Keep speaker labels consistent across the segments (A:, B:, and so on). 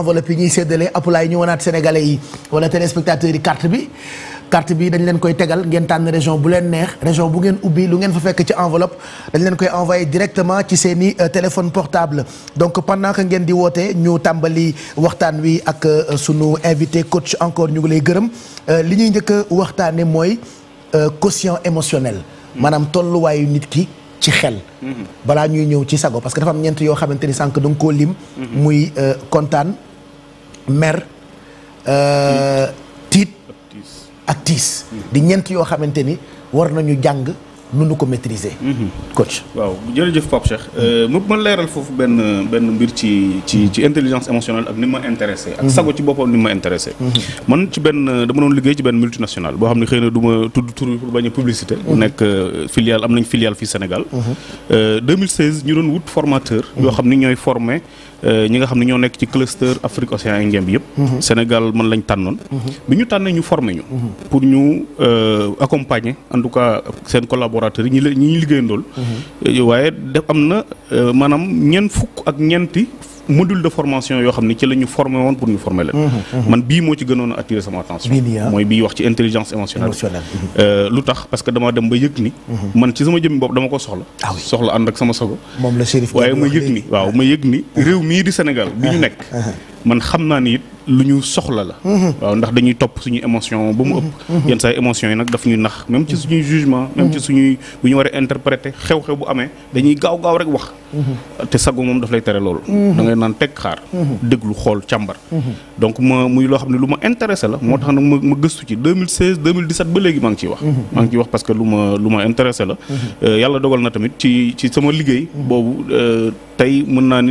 A: enveloppe yi ñuy séddale apulaay ñu wanaat sénégalais yi wala téléspectateurs yi carte bi carte bi dañ leen koy tegal ngeen tànn région bu leen neex région bu ngeen ubbi lu ngeen fa fekk ci enveloppe dañ leen koy envoyé directement ci seeni euh, téléphone portable donc pendant que ngeen di woote ñu tàmbali waxtaan wi ak euh, sunu invité coach encore ñu ngi lay gërëm euh, li ñuy njëkk a waxtaane mooy quotient émotionnel maanaam tolluwaayu nit ki ci xel mhm. balaa ñuy ñëw ci sago parce que dafa am yoo xamante ni sànq da nga koo lim mhm. muy kontaan mer euh, tiit ak tiis di ñeent yoo xamante ni war nañu jàng mënu ko maîtriser. Mhm. coach waaw
B: jërëjëf Pape Cheikh. Euh, mu ma leeral foofu benn benn mbir ci ci ci intelligence émotionnelle ak ni ma intéressé. ak mhm. sago ci boppam ni ma intéressé. Mhm. man ci benn dama doon liggéey ci benn multinationale boo xam ne xëy na du ma tudd tur a publicité. nekk euh, filiale am nañ filiale fii Sénégal. 2016 euh, doon wut formateur. yoo xam ni ñooy former ñi nga xam ne ñoo nekk ci cluster Afrique Océan Indien bi yëpp. Sénégal man lañ tànnoon. bi ñu tànnee ñu former ñu. pour ñu accompagner collaborateurs yi ñi la ñi liggéeyandool mm-hmm. eh, waaye def am na eh, maanaam ñeent fukk ak ñeenti module de formation yoo xam ne ci la ñu woon pour ñu former leen mm-hmm, mm-hmm. man bii moo ci gënoon a sama attention ah. mooy bii wax ci intelligence émotionnelle eh, lu tax parce que dem ba yëg ni man ci sama jëmmi bopp dama ko soxla ah soxla ànd ak sama sago waaye ma yëg ni waaw ma yëg ni réew mii di Sénégal bi ñu ah. nekk man xam naa ni it lu ñu soxla la. Mhm. waaw ndax dañuy topp suñu émotion ba mu ëpp. Mhm. Mhm. yenn saa émotion yi nag daf ñuy nax même ci suñuy jugement. même ci suñuy bu ñu war a interpréter xew-xew bu amee dañuy gaaw gaaw rek wax. te sago moom daf lay tere loolu. da naan teg xaar. déglu xool càmbar. donc ma muy loo xam ne lu ma intéressé la moo tax nag ma ma gëstu ci 2016 2017 ba léegi maa ciy wax. maa ciy wax parce que lu ma lu ma intéressé la. Euh, yàlla dogal na tamit ci ci sama liggéey. boobu euh, tey mën naa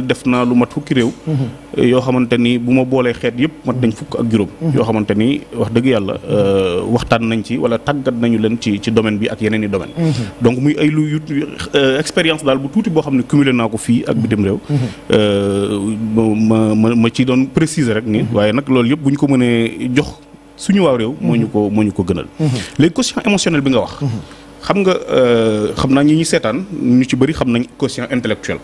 B: yëpp mat nañ fukk ak juróom mhm. yoo xamante ni wax dëgg yàlla euh, waxtaan nañ ci wala tàggat nañu leen ci ci domaine bi ak yeneen i domaine mhm. donc muy ay lu yu euh, expérience daal bu tuuti boo xam ne cumulé naa ko fii ak bitim réew mhm. Euh, ma ma ma ci doon préciser rek ni waaye nag loolu yëpp bu ñu ko mënee jox suñu waaw réew moo ñu ko moo ko gënal léegi quotient émotionnel bi nga wax xam nga euh, xam naa ñi ñu seetaan ñu ci bëri xam nañ quotient intellectuel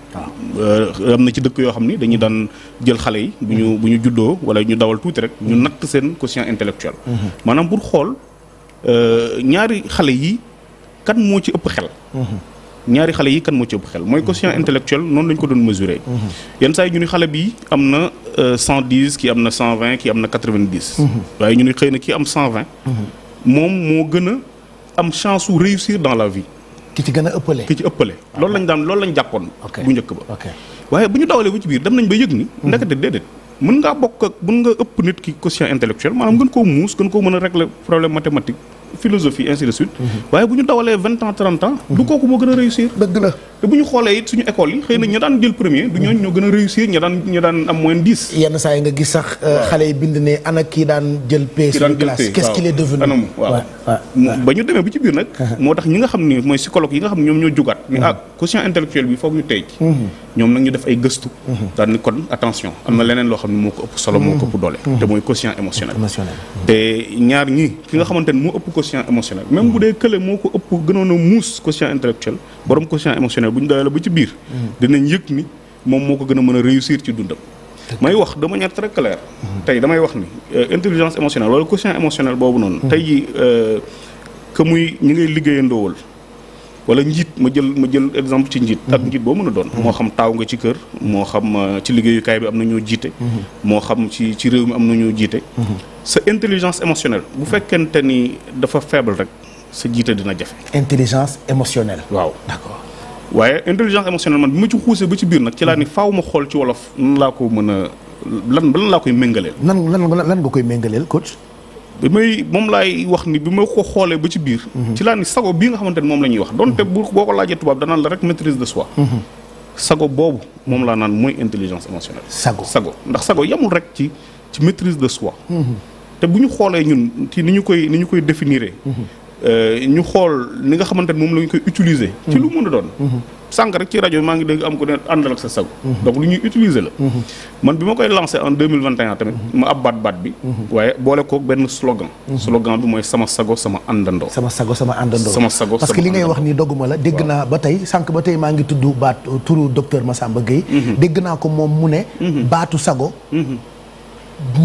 B: euh, am na ci dëkk yoo xam ni dañuy daan jël xale yi bu ñu bu ñu juddoo wala ñu dawal tuuti rek ñu natt seen quotient intellectuel mhm. maanaam pour xool euh, ñaari xale yi kan moo ci ëpp xel mhm. ñaari xale yi kan moo xel mooy quotient mhm. intellectuel noonu lañ ko doon mesurer yenn saa yi ñu ni xale bi am na cent dix kii am na cent vingt kii am na quatre-vingt-dix waaye ñu ni xëy na kii am cent vingt moom moo gën am chance su réussir dans la vie.
A: ki ci gën a ëppale.
B: ki ci ëppale loolu lañ daan loolu lañ jàppoon. bu njëkk ba. waaye bu ñu dawalee bu biir dem nañ ba yëg ni. Mhm. ndekete déedéet mën ngaa bokk ak mën nga ëpp nit ki quotient intellectuel maanaam gën koo muus gën koo mën a régler problème mathématique philosophie ainsi de suite. Mhm. waaye bu ñu dawalee vingt ans trente ans. du mhm. kooku moo gën a réussir. te bu ñu xoolee it suñu école yi xëy a réussir ña daan ña daan am moins dix.
A: yenn yi nga
B: euh, nag ñoo jugaat ah, mm-hmm. mm-hmm. ñu def ay gëstu mm-hmm. daan ni attention am na leneen loo xam ne moo ëpp solo moo te ñaar ñi ki nga xamante moo ëpp quotient émotionnel même bu dee kële moo ko ëpp gënoon a muus quotient intellectuel borom quotient émotionnel mais bu ñu doyee la ba ci biir. dinañ yëg ni moom moo ko gën a mën a réussir ci dundam. may wax de manière rek claire. Mhm. tey damay wax ni euh, intelligence émotionnelle loolu quotient émotionnel boobu noonu. Mhm. tey jii euh, que muy ñi ngay liggéeyandoowal wala njiit ma jël ma jël exemple ci njiit. ak mhm. njiit boo mën a doon. moo xam taaw nga ci kër moo xam euh, ci liggéeyukaay bi am na ñoo jiite. moo xam ci ci réew mi am na ñoo jiite. sa intelligence émotionnelle bu fekkente ni dafa faible rek sa jiite dina jafe.
A: intelligence
B: émotionnelle. waaw waaye intelligence émotionnelle man bi ma ci xuusee ba ci biir nag ci laa ni faaw xool ci wolof nan laa ko mën a lan lan laa koy méngaleel. nan lan lan nga koy méngaleel coach. bi may moom laay wax ni bi ma ko xoolee ba ci biir. Mhm. ci laa ni sago bii nga xamante ne moom la ñuy wax. donte mhm. bu boo ko laajee tubaab danaan la rek maîtrise de soi. Mhm. sago boobu moom laa naan mooy intelligence émotionnelle. sago sago ndax sago yamul rek ci ci maîtrise de soi. te bu ñu xoolee ñun ci ni ñu koy ni ñu koy définir. Euh, ñu xool ni nga xamante ne moom la ñu koy utiliser. ci lu mën a doon. Mhm. Mhm. sànq rek ci rajo maa ngi dégg am ko ne àndal ak sa sago. Mhm. donc lu ñuy utiliser la. man bi ma koy lancé en deux mille vingt et un tamit. ma ab baat baat bi. waaye boole koog benn slogan. slogan bi mooy sama sago sama
A: àndandoo. sama sago sama àndandoo. sama sago parce que li ngay wax nii dogguma la dégg naa ba tey sànq ba tey maa ngi tudd baat turu docteur Massamba Gueye. dégg naa ko moom mu ne. baatu sago.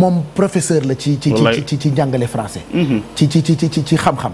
A: moom professeur la ci ci ci ci ci njàngale français. ci ci ci ci ci